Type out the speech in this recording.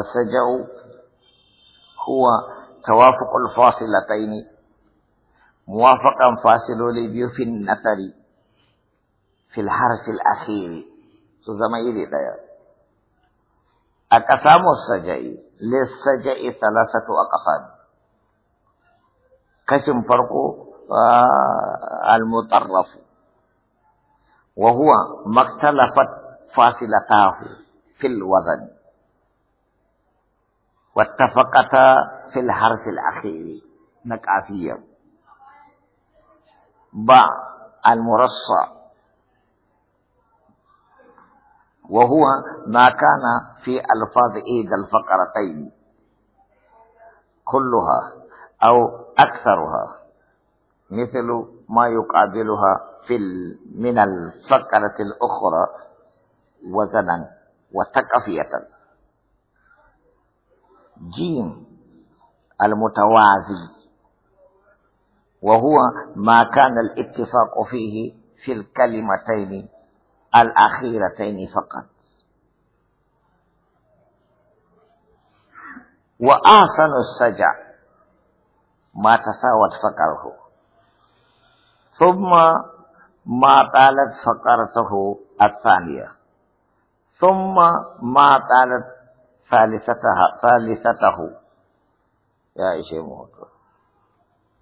السجع هو توافق الفاصلتين موافقا فاصل لبيو في النثر في الحرف الأخير تزميل دير أقسام السجع للسجع ثلاثة أقسام قسم فرقه آه، المطرف وهو ما اختلفت فاصلتاه في الوزن واتفقتا في الحرف الأخير نكافية باء المرصع وهو ما كان في ألفاظ إيد الفقرتين كلها أو أكثرها مثل ما يقابلها في من الفقرة الأخرى وزنا وتكفية جيم المتوازي وهو ما كان الاتفاق فيه في الكلمتين الأخيرتين فقط واحسن السجع ما تساوت فقره ثم ما طالت فقرته الثانية ثم ما طالت ثالثتها ثالثته ya ishe mu hoto